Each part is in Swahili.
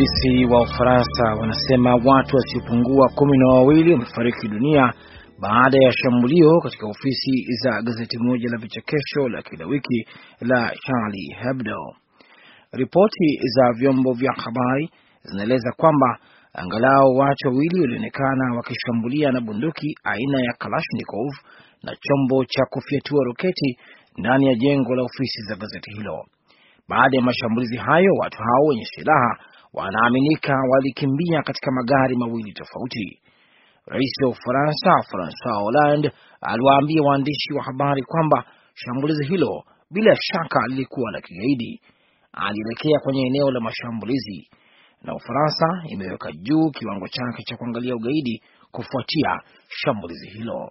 Polisi wa Ufaransa wanasema watu wasiopungua kumi na wawili wamefariki dunia baada ya shambulio katika ofisi za gazeti moja la vichekesho la kila wiki la Charlie Hebdo. Ripoti za vyombo vya habari zinaeleza kwamba angalau watu wawili walionekana wakishambulia na bunduki aina ya Kalashnikov na chombo cha kufyatua roketi ndani ya jengo la ofisi za gazeti hilo. Baada ya mashambulizi hayo, watu hao wenye silaha wanaaminika walikimbia katika magari mawili tofauti. Rais wa Ufaransa Francois Hollande aliwaambia waandishi wa habari kwamba shambulizi hilo bila shaka lilikuwa la kigaidi. Alielekea kwenye eneo la mashambulizi, na Ufaransa imeweka juu kiwango chake cha kuangalia ugaidi kufuatia shambulizi hilo.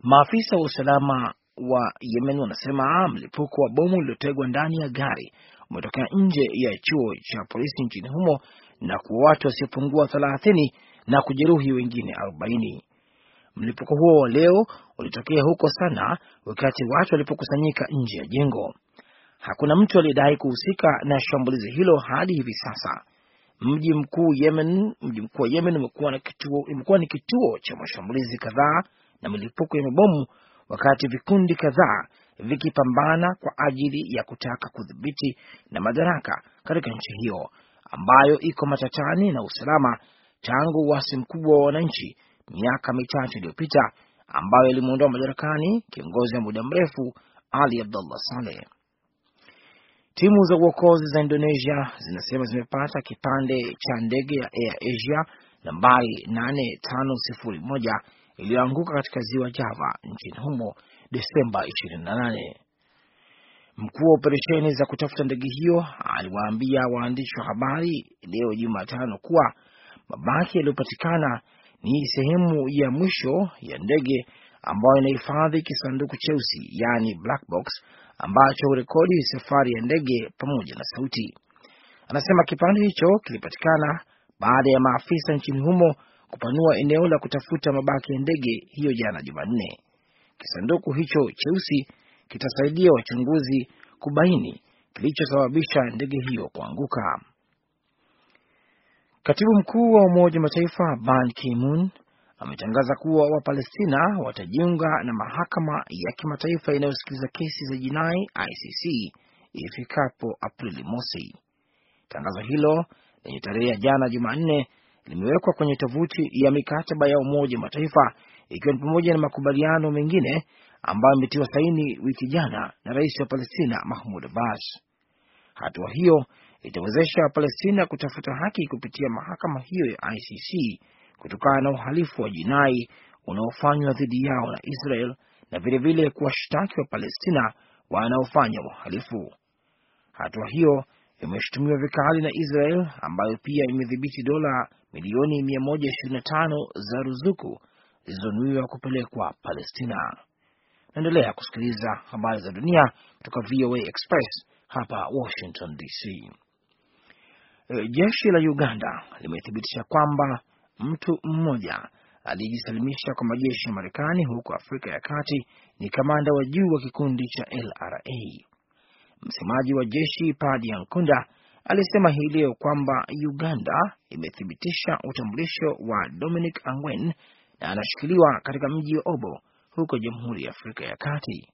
Maafisa wa usalama wa Yemen wanasema mlipuko wa bomu lililotegwa ndani ya gari umetokea nje ya chuo cha polisi nchini humo na kuwa watu wasiopungua thelathini na kujeruhi wengine arobaini. Mlipuko huo wa leo ulitokea huko Sana wakati watu walipokusanyika nje ya jengo. Hakuna mtu aliyedai kuhusika na shambulizi hilo hadi hivi sasa. Mji mkuu Yemen, mji mkuu wa Yemen umekuwa ni kituo cha mashambulizi kadhaa na milipuko ya mabomu wakati vikundi kadhaa vikipambana kwa ajili ya kutaka kudhibiti na madaraka katika nchi hiyo ambayo iko matatani na usalama tangu uasi mkubwa wa wananchi miaka michache iliyopita ambayo ilimwondoa madarakani kiongozi wa muda mrefu Ali Abdullah Saleh. Timu za uokozi za Indonesia zinasema zimepata kipande cha ndege ya Air Asia nambari 8501 iliyoanguka katika ziwa Java nchini humo Desemba 28. Mkuu wa operesheni za kutafuta ndege hiyo aliwaambia waandishi wa habari leo Jumatano kuwa mabaki yaliyopatikana ni sehemu ya mwisho ya ndege ambayo inahifadhi kisanduku cheusi, yaani black box, ambacho hurekodi safari ya ndege pamoja na sauti. Anasema kipande hicho kilipatikana baada ya maafisa nchini humo kupanua eneo la kutafuta mabaki ya ndege hiyo jana Jumanne. Kisanduku hicho cheusi kitasaidia wachunguzi kubaini kilichosababisha ndege hiyo kuanguka. Katibu mkuu wa Umoja wa Mataifa Ban Ki-moon ametangaza kuwa Wapalestina watajiunga na mahakama ya kimataifa inayosikiliza kesi za jinai ICC ifikapo Aprili mosi. Tangazo hilo lenye tarehe ya jana Jumanne limewekwa kwenye tovuti ya mikataba ya Umoja wa Mataifa ikiwa ni pamoja na makubaliano mengine ambayo imetiwa saini wiki jana na rais wa Palestina Mahmud Abbas. Hatua hiyo itawezesha Wapalestina kutafuta haki kupitia mahakama hiyo ya ICC kutokana na uhalifu wa jinai unaofanywa dhidi yao na Israel na vilevile kuwashtaki Wapalestina wanaofanya uhalifu. Hatua hiyo imeshutumiwa vikali na Israel ambayo pia imedhibiti dola milioni 125 za ruzuku zilizonuiwa kupelekwa Palestina. Naendelea kusikiliza habari za dunia kutoka VOA Express hapa Washington DC. E, jeshi la Uganda limethibitisha kwamba mtu mmoja aliyejisalimisha kwa majeshi ya Marekani huko Afrika ya Kati ni kamanda wa juu wa kikundi cha LRA. Msemaji wa jeshi Padi Ankunda alisema hii leo kwamba Uganda imethibitisha utambulisho wa Dominic Ongwen na anashikiliwa katika mji wa Obo huko Jamhuri ya Afrika ya Kati.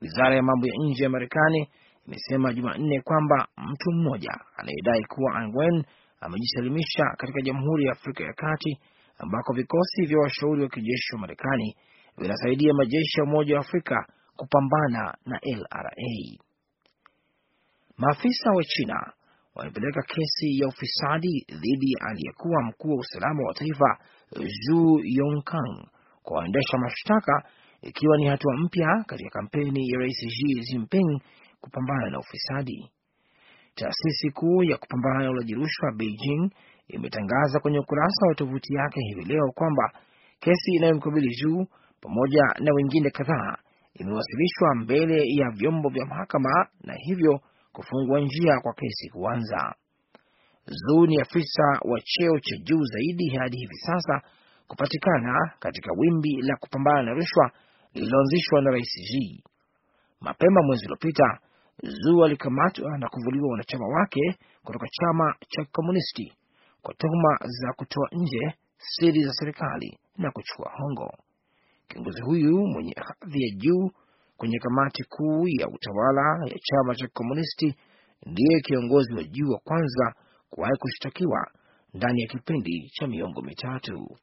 Wizara ya mambo ya nje ya Marekani imesema Jumanne kwamba mtu mmoja anayedai kuwa Ongwen amejisalimisha katika Jamhuri ya Afrika ya Kati ambako vikosi vya washauri wa kijeshi wa Marekani vinasaidia majeshi ya Umoja wa Afrika kupambana na LRA. Maafisa wa China wamepeleka kesi ya ufisadi dhidi ya aliyekuwa mkuu wa usalama wa taifa Zhu Yongkang kwa waendesha mashtaka, ikiwa ni hatua mpya katika kampeni ya Rais Xi Jinping kupambana na ufisadi. Taasisi kuu ya kupambana na ulaji rushwa Beijing imetangaza kwenye ukurasa wa tovuti yake hivi leo kwamba kesi inayomkabili Zhu pamoja na wengine kadhaa imewasilishwa mbele ya vyombo vya mahakama na hivyo kufungua njia kwa kesi kuanza. Zuu ni afisa wa cheo cha juu zaidi hadi hivi sasa kupatikana katika wimbi la kupambana na rushwa lililoanzishwa na Rais Xi. Mapema mwezi uliopita, Zuu alikamatwa na kuvuliwa wanachama wake kutoka chama cha Komunisti kwa tuhuma za kutoa nje siri za serikali na kuchukua hongo. Kiongozi huyu mwenye hadhi ya juu kwenye kamati kuu ya utawala ya chama cha Kikomunisti. Ndiye kiongozi wa juu wa kwanza kuwahi kushtakiwa ndani ya kipindi cha miongo mitatu.